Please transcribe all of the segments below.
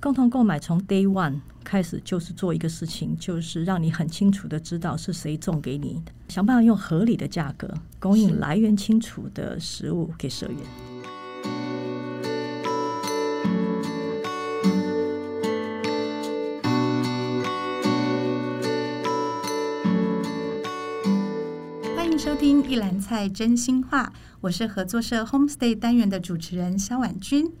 共同購買從 Day One 開始就是做一個事情，就是讓你很清楚的知道是誰種給你的，想辦法用合理的價格供應來源清楚的食物給社員。是歡迎收聽《一籃菜真心話》，我是合作社 Homestay 單元的主持人肖婉君。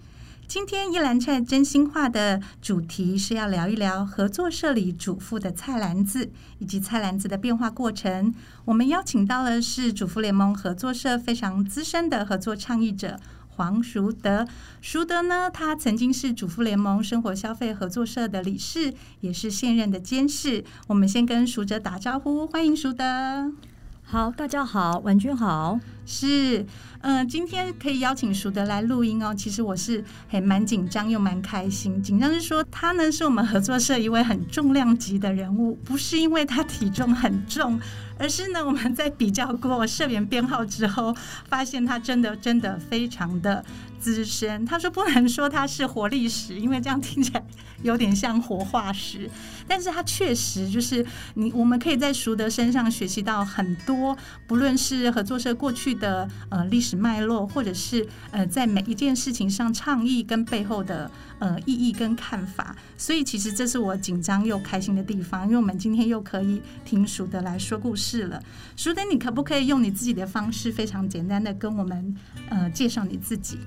今天一籃菜真心話的主題是要聊一聊合作社裡主婦的菜籃子，以及菜籃子的變化過程。我們邀請到的是主婦聯盟合作社非常資深的合作倡議者黃淑德。淑德呢，他曾經是主婦聯盟生活消費合作社的理事，也是現任的監事。我們先跟淑德打招呼，歡迎淑德。好，大家好，婉君好。是，嗯、呃，今天可以邀請淑德來錄音哦。其實我是還蠻緊張又蠻開心。緊張是說他呢是我們合作社一位很重量級的人物，不是因為他體重很重，而是呢我們在比較過社員編號之後，發現他真的真的非常的資深。他說不能說他是活歷史，因為這樣聽起來有點像活化石，但是他確實就是你我們可以在淑德身上學習到很多，不論是合作社過去。的呃歷史脈絡，或者是呃在每一件事情上倡議跟背後的呃意義跟看法，所以其實這是我緊張又開心的地方，因為我們今天又可以聽淑德來說故事了。淑德，你可不可以用你自己的方式，非常簡單的跟我們呃介紹你自己？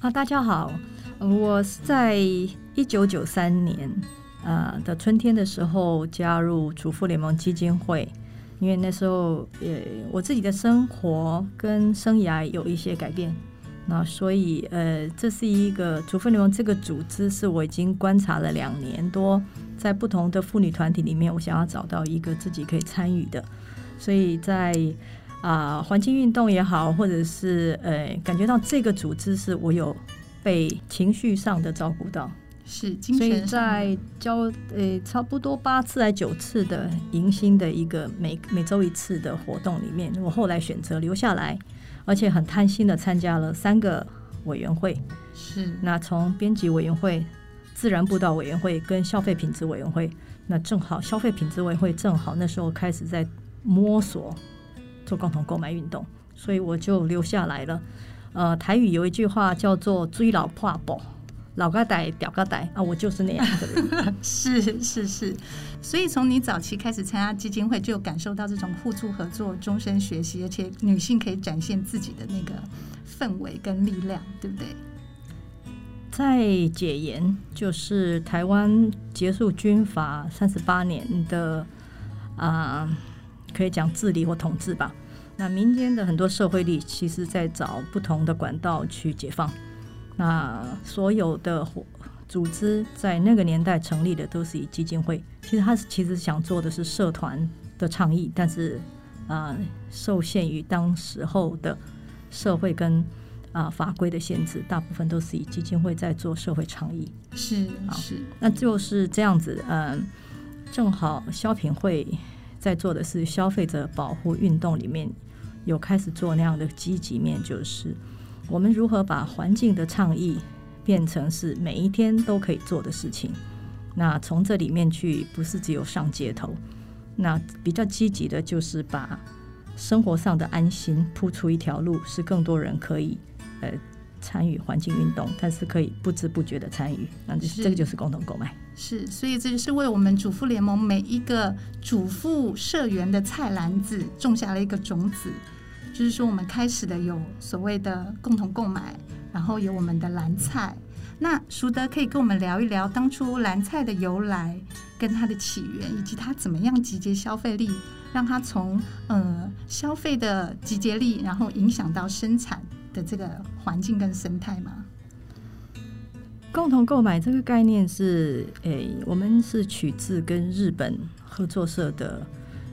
啊，大家好，我是在一九九三年呃的春天的時候加入主婦聯盟基金會。因為那時候，也、呃，我自己的生活跟生涯有一些改變，那所以，呃，這是一個，除非你們這個組織是我已經觀察了兩年多，在不同的婦女團體裡面，我想要找到一個自己可以參與的。所以在啊、呃，環境運動也好，或者是呃，感覺到這個組織是我有被情緒上的照顧到。是，所以在交誒、欸、差不多八次來九次的迎新的一個每每周一次的活動裡面，我後來選擇留下來，而且很貪心的參加了三個委員會，是，那從編輯委員會、自然步道委員會跟消費品質委員會，那正好消費品質委員會正好那時候開始在摸索做共同購買運動，所以我就留下來了。呃，台語有一句話叫做“追老怕寶”。老疙瘩、屌疙瘩啊！我就是那樣的人。 是是是，所以從你早期開始參加基金會，就感受到這種互助合作、終身學習，而且女性可以展現自己的那個氛圍跟力量，對不對？在解嚴，就是台灣結束軍法三十八年的啊、呃，可以講治理或統治吧。那民間的很多社會力，其實在找不同的管道去解放。那所有的組織在那個年代成立的都是以基金會，其實他是其實想做的是社團的倡議，但是啊、呃，受限於當時候的社會跟啊、呃、法規的限制，大部分都是以基金會在做社會倡議。是是、啊，那就是這樣子。嗯、呃，正好消品會在做的是消費者保護運動裡面有開始做那樣的積極面，就是。我們如何把環境的倡議變成是每一天都可以做的事情？那從這裡面去，不是只有上街頭，那比較積極的，就是把生活上的安心鋪出一條路，使更多人可以呃參與環境運動，但是可以不知不覺的參與。那這，是，這個就是共同購買。是，所以這就是為我們主婦聯盟每一個主婦社員的菜籃子種下了一個種子。就是說，我們開始的有所謂的共同購買，然後有我們的籃菜。那淑德可以跟我們聊一聊當初籃菜的由來、跟它的起源，以及它怎麼樣集結消費力，讓它從呃消費的集結力，然後影響到生產的這個環境跟生態嗎？共同購買這個概念是，誒、欸，我們是取自跟日本合作社的，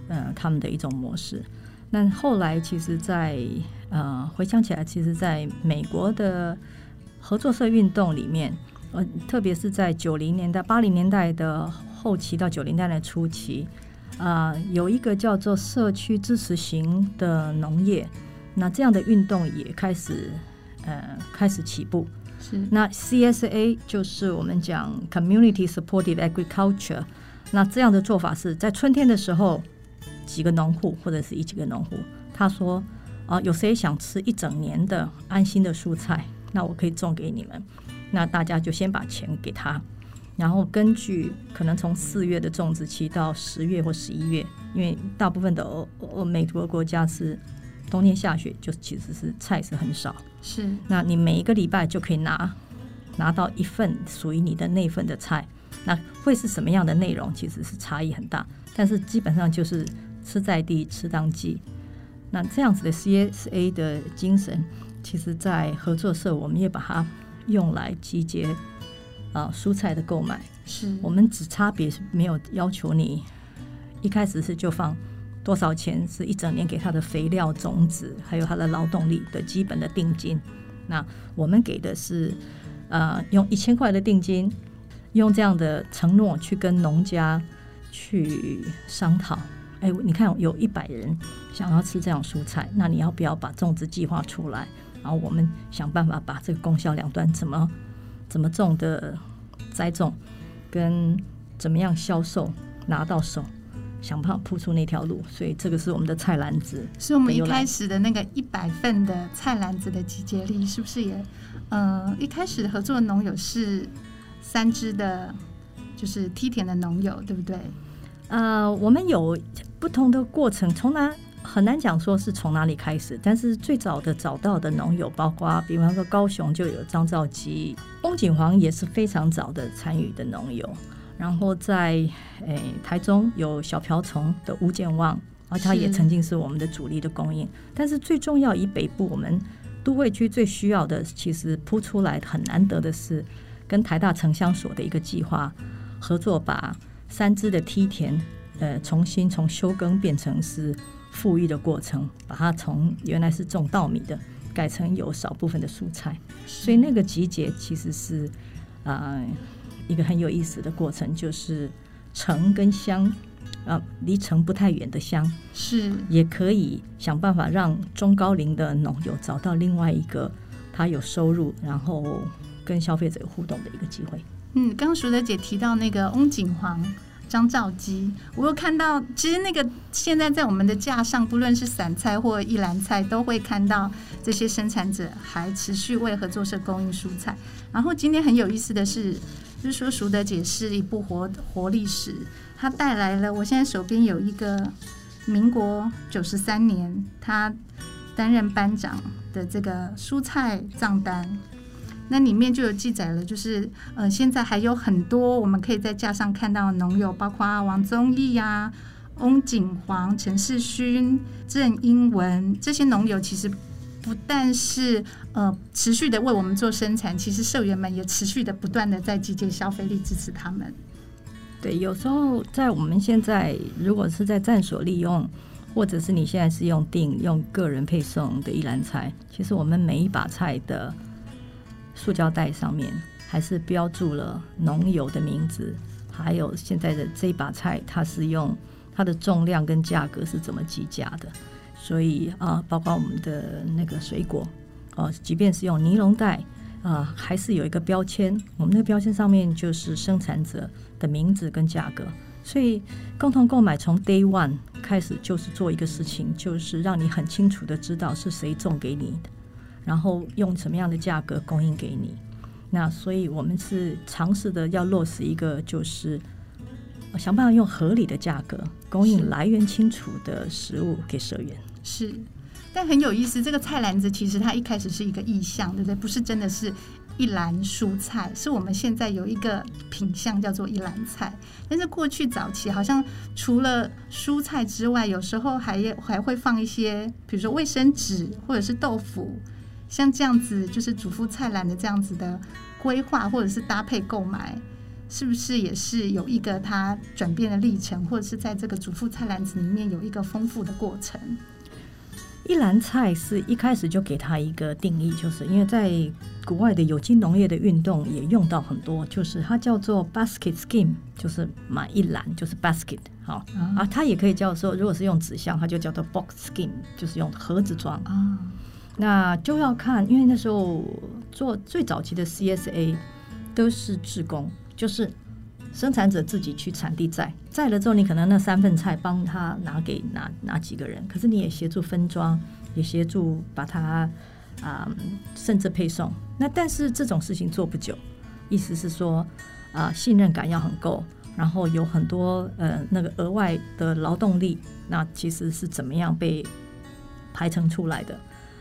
呃，他們的一種模式。那後來，其實在呃，回想起來，其實在美國的合作社運動裡面，呃，特別是在九零年代、八零年代的後期到九零年代的初期，啊、呃，有一個叫做社區支持型的農業，那這樣的運動也開始呃，開始起步。是那 CSA 就是我們講 Community Supported Agriculture，那這樣的做法是在春天的時候。幾個農戶或者是一幾個農戶，他說：“啊，有誰想吃一整年的安心的蔬菜？那我可以種給你們。那大家就先把錢給他，然後根據可能從四月的種植期到十月或十一月，因為大部分的歐美的國家是冬天下雪，就其實是菜是很少。是，那你每一個禮拜就可以拿拿到一份屬於你的那份的菜。那會是什麼樣的內容？其實是差異很大，但是基本上就是。”吃在地，吃當季。那這樣子的 CSA 的精神，其實，在合作社我們也把它用來集結，啊，蔬菜的購買。是我們只差別是沒有要求你一開始是就放多少錢，是一整年給他的肥料、種子，還有他的勞動力的基本的定金。那我們給的是呃，用一千塊的定金，用這樣的承諾去跟農家去商討。哎，你看有一百人想要吃這樣蔬菜，那你要不要把種植計劃出來？然後我們想辦法把這個供銷兩端怎麼怎麼種的栽種，跟怎麼樣銷售拿到手，想辦法鋪出那條路。所以這個是我們的菜籃子。是我們一開始的那個一百份的菜籃子的集結力是不是也？嗯、呃，一開始合作的農友是三芝的，就是梯田的農友，對不對？呃，uh, 我們有不同的過程，從來很難講說是從哪裡開始。但是最早的找到的農友，包括比方說高雄就有張兆基、翁景煌，也是非常早的參與的農友。然後在誒、哎、台中有小瓢蟲的吳建旺，而且他也曾經是我們的主力的供應。是。但是最重要，以北部我們都會區最需要的，其實鋪出來很難得的是，跟台大城鄉所的一個計劃合作吧，把。三芝的梯田，呃，重新從休耕變成是復育的過程，把它從原來是種稻米的，改成有少部分的蔬菜，是所以那個集結其實是啊、呃、一個很有意思的過程，就是城跟鄉啊、呃、離城不太遠的鄉是也可以想辦法讓中高齡的農友找到另外一個他有收入，然後跟消費者互動的一個機會。嗯，剛淑德姐提到那個翁景煌、張兆基，我又看到，其實那個現在在我們的架上，不論是散菜或一籃菜，都會看到這些生產者還持續為合作社供應蔬菜。然後今天很有意思的是，就是說淑德姐是一部活活歷史，她帶來了，我現在手邊有一個民國九十三年她擔任班長的這個蔬菜賬單。那裡面就有記載了，就是呃，現在還有很多我們可以在架上看到的農友，包括王宗義呀、啊、翁景煌、陳世勳、鄭英文這些農友，其實不但是呃持續的為我們做生產，其實社員們也持續的不斷的在集結消費力支持他們。對，有時候在我們現在如果是在站所利用，或者是你現在是用訂用個人配送的一籃菜，其實我們每一把菜的，塑膠袋上面還是標註了農友的名字，還有現在的這把菜，它是用它的重量跟價格是怎麼計價的。所以啊，包括我們的那個水果，啊，即便是用尼龍袋啊，還是有一個標籤。我們那個標籤上面就是生產者的名字跟價格。所以共同購買從 Day One 開始就是做一個事情，就是讓你很清楚的知道是誰種給你的。然後用什麼樣的價格供應給你？那所以我們是嘗試的要落實一個，就是想辦法用合理的價格供應來源清楚的食物給社員。是，是，但很有意思，這個菜籃子其實它一開始是一個意象，對不對？不是真的是一籃蔬菜，是我們現在有一個品項叫做一籃菜。但是過去早期好像除了蔬菜之外，有時候還還會放一些，比如說衛生紙或者是豆腐。像這樣子，就是主婦菜籃的這樣子的規劃，或者是搭配購買，是不是也是有一個它轉變的歷程，或者是在這個主婦菜籃子裡面有一個豐富的過程？一籃菜是一開始就給它一個定義，就是因為在國外的有機農業的運動也用到很多，就是它叫做 basket scheme，就是買一籃就是 basket 好啊，啊它也可以叫做，如果是用紙箱，它就叫做 box scheme，就是用盒子裝啊。那就要看，因為那時候做最早期的 CSA 都是志工，就是生產者自己去產地摘，摘了之後你可能那三份菜幫他拿給哪哪幾個人，可是你也協助分裝，也協助把它啊、嗯、甚至配送。那但是這種事情做不久，意思是說啊、呃、信任感要很夠，然後有很多呃那個額外的勞動力，那其實是怎麼樣被排成出來的？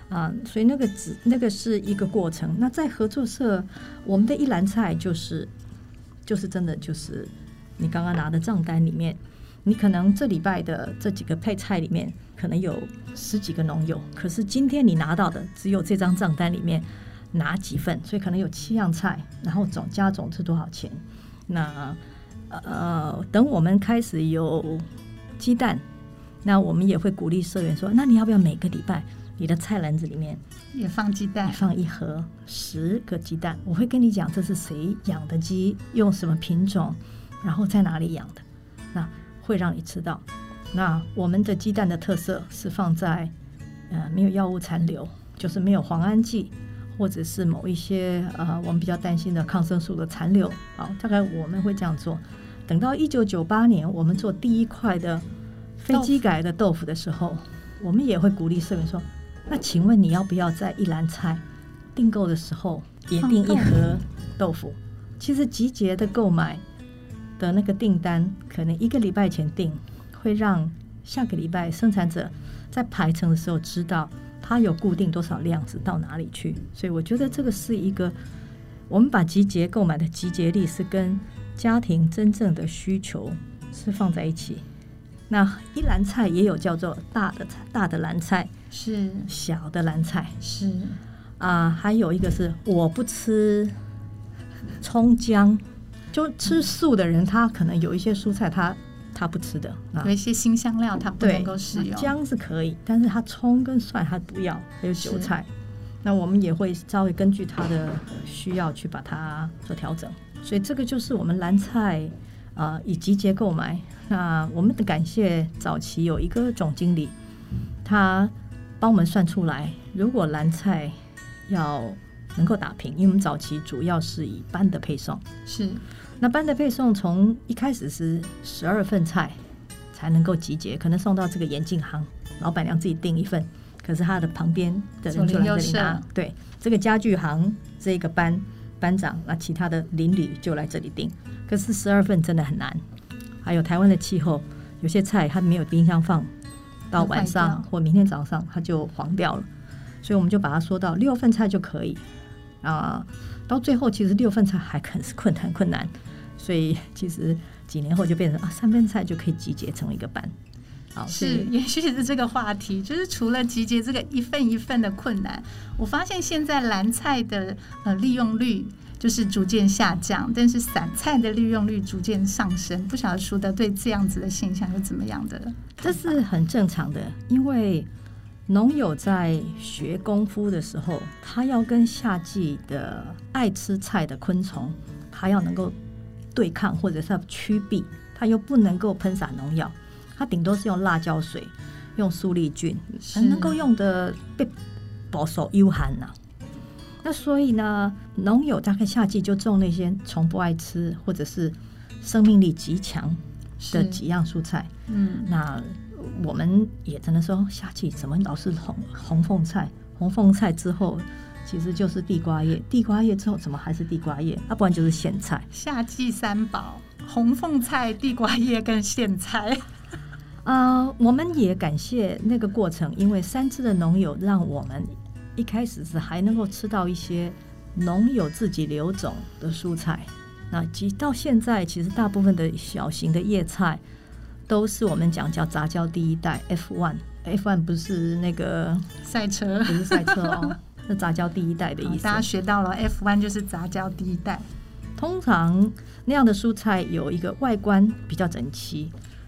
啊，所以那個只那個是一個過程。那在合作社，我們的一籃菜就是就是真的就是你剛剛拿的賬單裡面，你可能這禮拜的這幾個配菜裡面可能有十幾個農友，可是今天你拿到的只有這張賬單裡面哪幾份，所以可能有七樣菜，然後總加總是多少錢？那呃，等我們開始有雞蛋，那我們也會鼓勵社員說：那你要不要每個禮拜？你的菜籃子裡面也放雞蛋，放一盒十個雞蛋。我會跟你講，這是誰養的雞，用什麼品種，然後在哪裡養的，那會讓你吃到。那我們的雞蛋的特色是放在呃沒有藥物殘留，就是沒有磺胺劑，或者是某一些呃我們比較擔心的抗生素的殘留好、哦，大概我們會這樣做。等到一九九八年，我們做第一塊的非基改的豆腐的時候，腐我們也會鼓勵社員說。那請問你要不要在一籃菜訂購的時候也訂一盒豆腐？豆腐其實集結的購買的那個訂單，可能一個禮拜前訂，會讓下個禮拜生產者在排程的時候知道他有固定多少量子到哪裡去。所以我覺得這個是一個，我們把集結購買的集結力是跟家庭真正的需求是放在一起。那一籃菜也有叫做大的大的籃菜。是小的籃菜是啊、呃，還有一個是我不吃蔥薑，就吃素的人，他可能有一些蔬菜他、他他不吃的，有一些辛香料他不能夠使用，薑是可以，但是他蔥跟蒜他不要，還有韭菜，是那我們也會稍微根據他的需要去把它做調整，所以這個就是我們籃菜啊、呃，以集結購買。那我們得感謝早期有一個總經理，他幫我們算出來，如果籃菜要能夠打平，因為我們早期主要是以班的配送是，那班的配送從一開始是十二份菜才能夠集結，可能送到這個眼鏡行，老闆娘自己訂一份，可是他的旁邊的人就來這裡拿，對，這個家具行這個班班長，那其他的鄰里就來這裡訂，可是十二份真的很難，還有台灣的氣候，有些菜它沒有冰箱放。到晚上或明天早上，它就黃掉了，所以我們就把它說到六份菜就可以啊。到最後，其實六份菜還很是困難困難，所以其實幾年後就變成啊三份菜就可以集結成一個班。啊，是，也許是這個話題，就是除了集結這個一份一份的困難，我發現現在籃菜的呃利用率。就是逐漸下降，但是散菜的利用率逐漸上升。不曉得淑德對這樣子的現象是怎麼樣的？這是很正常的，因為農友在學功夫的時候，他要跟夏季的愛吃菜的昆蟲，他要能夠對抗或者是驅避，他又不能夠噴灑農藥，他頂多是用辣椒水、用蘇力菌，是能夠用的被保守有限、啊。吶。那所以呢，農友大概夏季就種那些蟲不愛吃或者是生命力極強的幾樣蔬菜。嗯，那我們也只能說，夏季怎麼老是紅紅鳳菜？紅鳳菜之後，其實就是地瓜葉。地瓜葉之後，怎麼還是地瓜葉？啊不然就是莧菜。夏季三寶：紅鳳菜、地瓜葉跟莧菜。啊、呃，我們也感謝那個過程，因為三芝的農友讓我們。一開始是還能夠吃到一些農友自己留種的蔬菜，那及到現在其實大部分的小型的葉菜都是我們講叫雜交第一代 F one，F one 不是那個賽車，不是賽車哦，是 雜交第一代的意思，大家學到了 F one 就是雜交第一代。通常那樣的蔬菜有一個外觀比較整齊，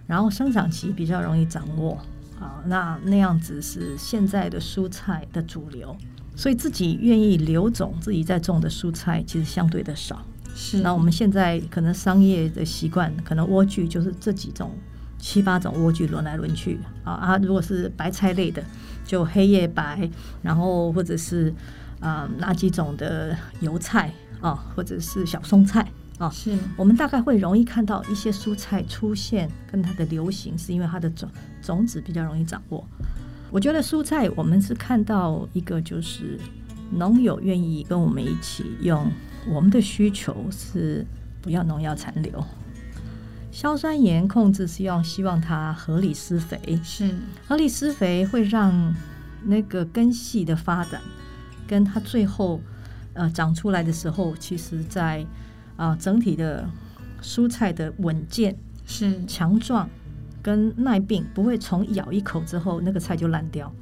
然後生長期比較容易掌握。啊，那那樣子是現在的蔬菜的主流，所以自己願意留種，自己在種的蔬菜其實相對的少。是，那我們現在可能商業的習慣，可能萵苣就是這幾種，七八種萵苣輪來輪去。啊啊，如果是白菜類的，就黑葉白，然後或者是啊哪幾種的油菜啊，或者是小松菜。啊，哦、是我們大概會容易看到一些蔬菜出現跟它的流行，是因為它的種種子比較容易掌握。我覺得蔬菜我們是看到一個，就是農友願意跟我們一起用我們的需求是不要農藥殘留，硝酸鹽控制是要希望它合理施肥，是、嗯、合理施肥會讓那個根系的發展，跟它最後呃長出來的時候，其實在。啊，整體的蔬菜的穩健是強壯跟耐病，不會從咬一口之後那個菜就爛掉。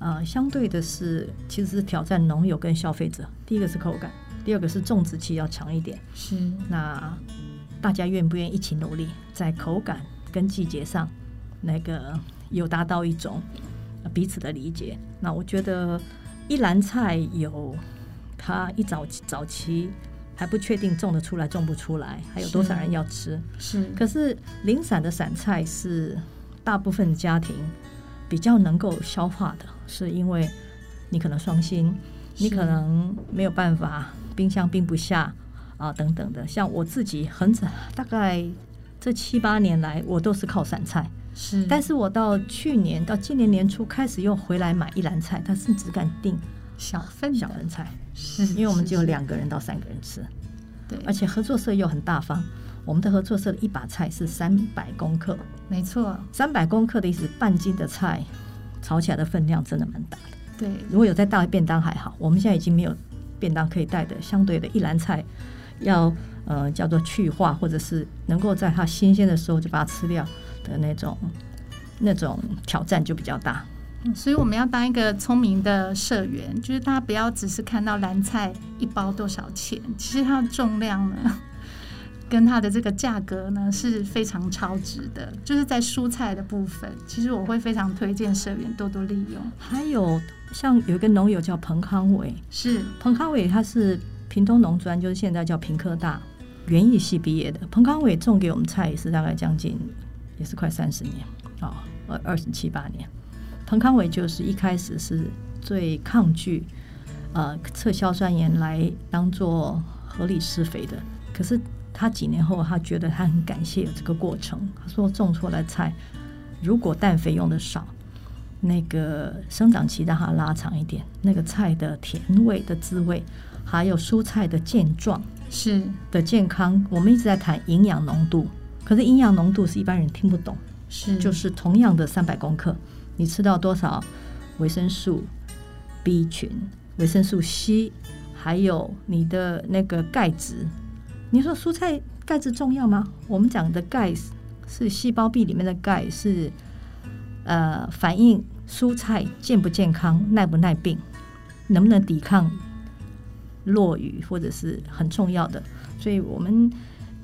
啊，相對的是其實是挑戰農友跟消費者。第一個是口感，第二個是種植期要長一點。是那大家願不願意一起努力，在口感跟季節上那個有達到一種彼此的理解？那我覺得一籃菜有它一早早期。還不確定種得出來，種不出來，是還有多少人要吃？是。可是零散的散菜是大部分家庭比較能夠消化的，是因為你可能雙薪，是你可能沒有辦法，冰箱冰不下啊等等的。像我自己很早，大概這七八年來，我都是靠散菜。是。但是我到去年到今年年初開始又回來買一籃菜，但是只敢訂。小份小份菜，是因為我們只有兩個人到三個人吃，對是，而且合作社又很大方。我們的合作社的一把菜是三百公克，沒錯，三百公克的意思半斤的菜，炒起來的分量，真的蠻大的。對，如果有再大的便當還好，我們現在已經沒有便當可以帶的，相對的一籃菜要呃叫做去化，或者是能夠在它新鮮的時候就把它吃掉的那種那種挑戰就比較大。所以我們要當一個聰明的社員，就是大家不要只是看到籃菜一包多少錢，其實它的重量呢，跟它的這個價格呢是非常超值的。就是在蔬菜的部分，其實我會非常推薦社員多多利用。還有像有一個農友叫彭康偉，是彭康偉，他是屏東農專，就是現在叫屏科大園藝系畢業的。彭康偉種給我們菜也是大概將近，也是快三十年，哦，二二十七八年。彭康偉就是一開始是最抗拒，呃，測硝酸鹽來當做合理施肥的。可是他幾年後，他覺得他很感謝這個過程。他說，種出來的菜，如果氮肥用的少，那個生長期讓它拉長一點，那個菜的甜味的滋味，還有蔬菜的健壯是的健康。是我們一直在談營養濃度，可是營養濃度是一般人聽不懂，是就是同樣的三百公克。你吃到多少維生素 B 群、維生素 C，還有你的那個鈣質？你說蔬菜鈣質重要嗎？我們講的鈣是細胞壁裡面的鈣，是呃，反映蔬菜健不健康、耐不耐病、能不能抵抗落雨，或者是很重要的。所以我們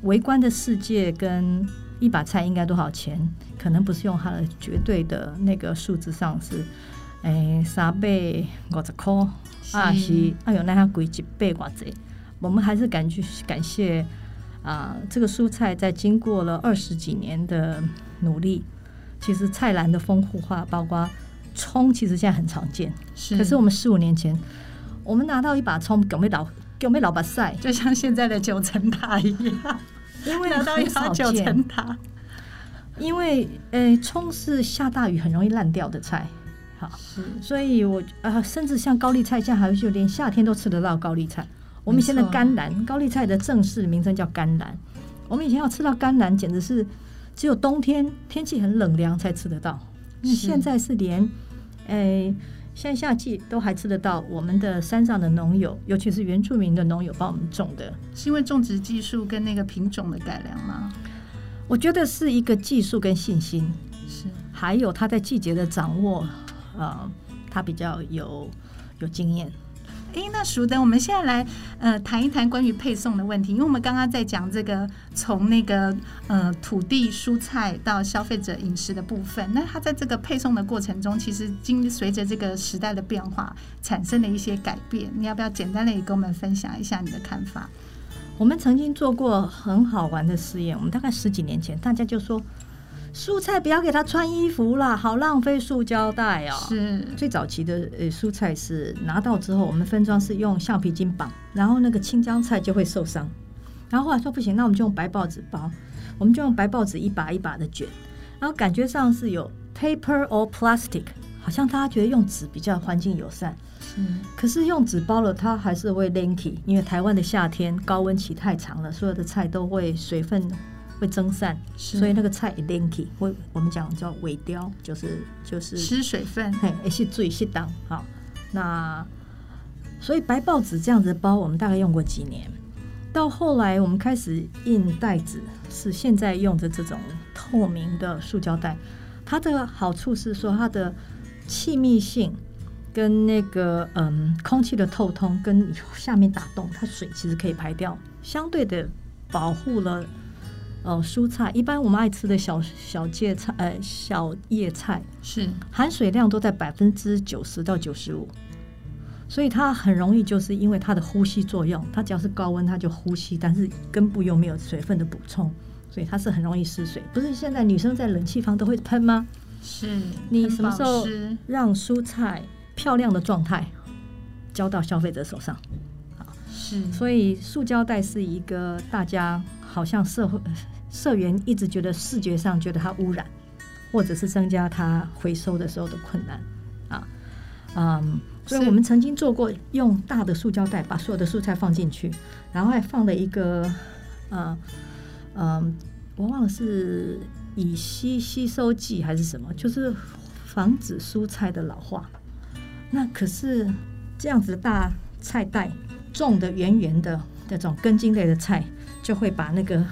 微觀的世界跟。一把菜應該多少錢？可能不是用它的絕對的那個數字上是，誒、欸，三百五十塊是，啊，是啊，有那下貴幾百塊。子。我們還是感覺感謝啊、呃，這個蔬菜在經過了二十幾年的努力，其實菜籃的豐富化，包括蔥，其實現在很常見。是，可是我們十五年前，我們拿到一把蔥，叫咩老叫咩老百賽，就像現在的九層塔一樣。 因為很少見，因為呃，蔥、欸、是下大雨很容易爛掉的菜，好，是，所以我啊、呃，甚至像高麗菜這樣還有就連夏天都吃得到高麗菜。我們現在甘藍，啊、高麗菜的正式名稱叫甘藍。我們以前要吃到甘藍，簡直是只有冬天天氣很冷涼才吃得到，是現在是連，誒、欸。現在夏季都還吃得到，我們的山上的農友，尤其是原住民的農友幫我們種的。是因為種植技術跟那個品種的改良嗎？我覺得是一個技術跟信心，是還有他在季節的掌握，呃，他比較有有經驗。哎，那淑德，我們現在來呃談一談關於配送的問題，因為我們剛剛在講這個從那個呃土地蔬菜到消費者飲食的部分，那它在這個配送的過程中，其實經隨着這個時代的變化產生了一些改變。你要不要簡單的也跟我們分享一下你的看法？我們曾經做過很好玩的試驗，我們大概十幾年前，大家就說。蔬菜不要給他穿衣服啦，好浪費塑膠袋哦、喔。是，最早期的呃蔬菜是拿到之後，我們分裝是用橡皮筋綁，然後那個青江菜就會受傷。然後後來說不行，那我們就用白報紙包，我們就用白報紙一把一把的卷，然後感覺上是有 paper or plastic，好像大家覺得用紙比較環境友善。嗯是，可是用紙包了，它還是會 leaky，因為台灣的夏天高溫期太長了，所有的菜都會水分蒸散，所以那個菜一點氣，我我們講叫萎凋，就是就是失水分，嘿，也是注意適當好，那所以白報紙這樣子包，我們大概用過幾年，到後來我們開始印袋子，是現在用的這種透明的塑膠袋。它的好處是說，它的氣密性跟那個嗯空氣的透通，跟下面打洞，它水其實可以排掉，相對的保護了。哦，蔬菜一般我們愛吃的小小芥菜，呃，小葉菜是含水量都在百分之九十到九十五，所以它很容易就是因為它的呼吸作用，它只要是高溫它就呼吸，但是根部又沒有水分的補充，所以它是很容易失水。不是現在女生在冷氣房都會噴嗎？是你什麼時候讓蔬菜漂亮的狀態交到消費者手上？啊，是，所以塑膠袋是一個大家。好像社會社員一直覺得視覺上覺得它污染，或者是增加它回收的時候的困難啊，嗯、um, 是，所以我們曾經做過用大的塑膠袋把所有的蔬菜放進去，然後還放了一個嗯嗯，我忘了是乙烯吸、吸收劑還是什麼，就是防止蔬菜的老化。那可是這樣子的大菜袋，種得圓圓的圓圓的那種根莖類的菜，就會把那個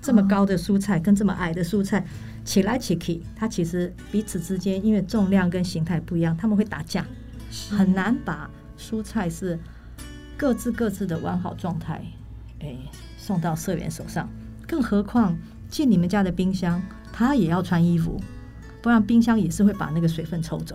這麼高的蔬菜跟這麼矮的蔬菜起來起去，它其實彼此之間因為重量跟形態不一樣，他們會打架，是很難把蔬菜是各自各自的完好狀態，哎，送到社員手上。更何況進你們家的冰箱，它也要穿衣服，不然冰箱也是會把那個水分抽走。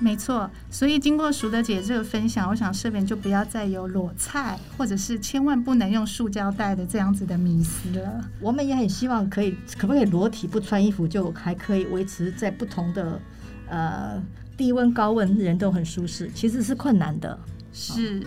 沒錯，所以經過淑德姐，這個分享，我想社員就不要再有裸菜，或者是千萬不能用塑膠袋的這樣子的迷思了。我們也很希望可以，可不可以裸體不穿衣服就還可以維持在不同的呃低溫高溫，人都很舒適？其實是困難的，是。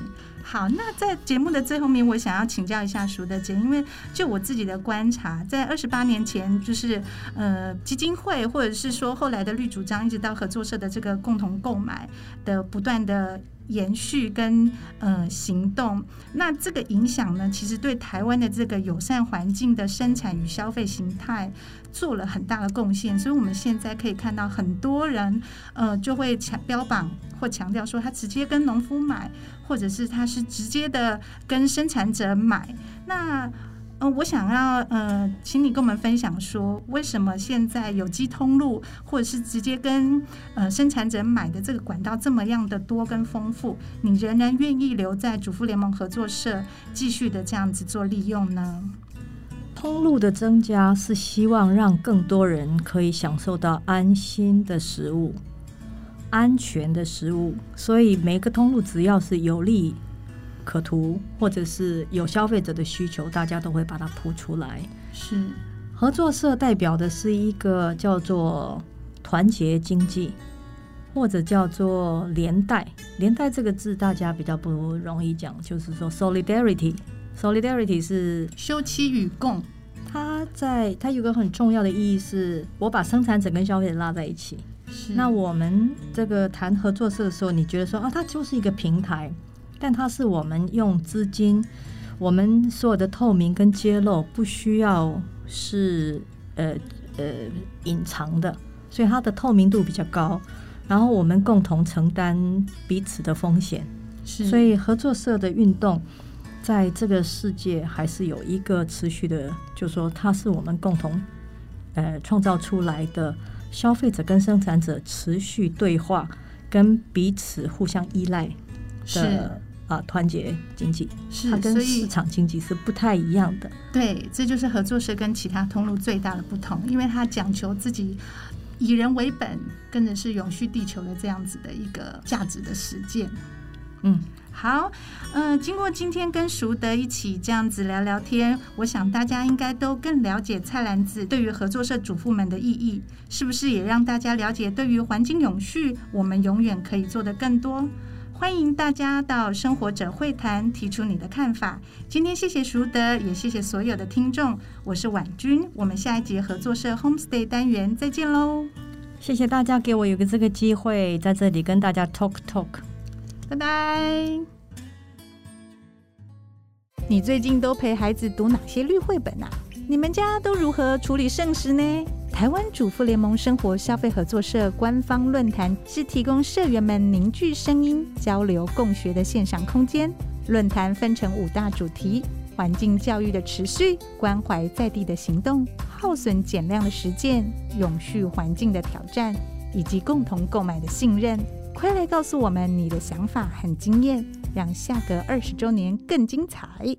好，那在節目的最後面，我想要請教一下淑德姐，因為就我自己的觀察，在二十八年前，就是呃基金會，或者是說後來的綠主張，一直到合作社的這個共同購買的不斷的延續跟呃行動，那這個影響呢，其實對台灣的這個友善環境的生產與消費形態做了很大的貢獻，所以我們現在可以看到很多人呃就會強標榜或強調說他直接跟農夫買。或者是他是直接的跟生產者買，那、呃、我想要呃，請你跟我們分享說，為什麼現在有機通路，或者是直接跟呃生產者買的這個管道這麼樣的多跟豐富，你仍然願意留在主婦聯盟合作社繼續的這樣子做利用呢？通路的增加是希望讓更多人可以享受到安心的食物。安全的食物，所以每個通路，只要是有利可圖，或者是有消費者的需求，大家都會把它鋪出來。是。合作社代表的是一個叫做團結經濟，或者叫做連帶。連帶這個字大家比較不容易講，就是說 solidarity。Solidarity 是休戚與共。它在，它有一個很重要的意義是，我把生產者跟消費者拉在一起。是那我們這個談合作社的時候，你覺得說啊，它就是一個平台，但它是我們用資金，我們所有的透明跟揭露不需要是呃呃隱藏的，所以它的透明度比較高。然後我們共同承擔彼此的風險，是所以合作社的運動在這個世界還是有一個持續的，就是說，它是我們共同呃創造出來的。消費者跟生產者持續對話，跟彼此互相依賴的啊團是、呃、結經濟，是它跟市場經濟是不太一樣的。對，這就是合作社跟其他通路最大的不同，因為它講求自己以人為本，跟著是永續地球的這樣子的一個價值的實踐。嗯。好，嗯、呃，經過今天跟淑德一起這樣子聊聊天，我想大家應該都更了解菜籃子對於合作社主婦們的意義，是不是也讓大家了解對於環境永續，我們永遠可以做得更多。歡迎大家到生活者會談提出你的看法。今天謝謝淑德，也謝謝所有的聽眾，我是婉君，我們下一節合作社 Homestay 單元再見嘍。謝謝大家給我有個這個機會在這裡跟大家 talk talk。拜拜！你最近都陪孩子讀哪些綠繪本呢，啊？你們家都如何處理剩食呢？台灣主婦聯盟生活消費合作社官方論壇是提供社員們凝聚聲音、交流共學的線上空間。論壇分成五大主題：環境教育的持續、關懷在地的行動、耗損減量的實踐、永續環境的挑戰，以及共同購買的信任。快來告訴我們你的想法，很驚艷，讓下個二十周年更精彩！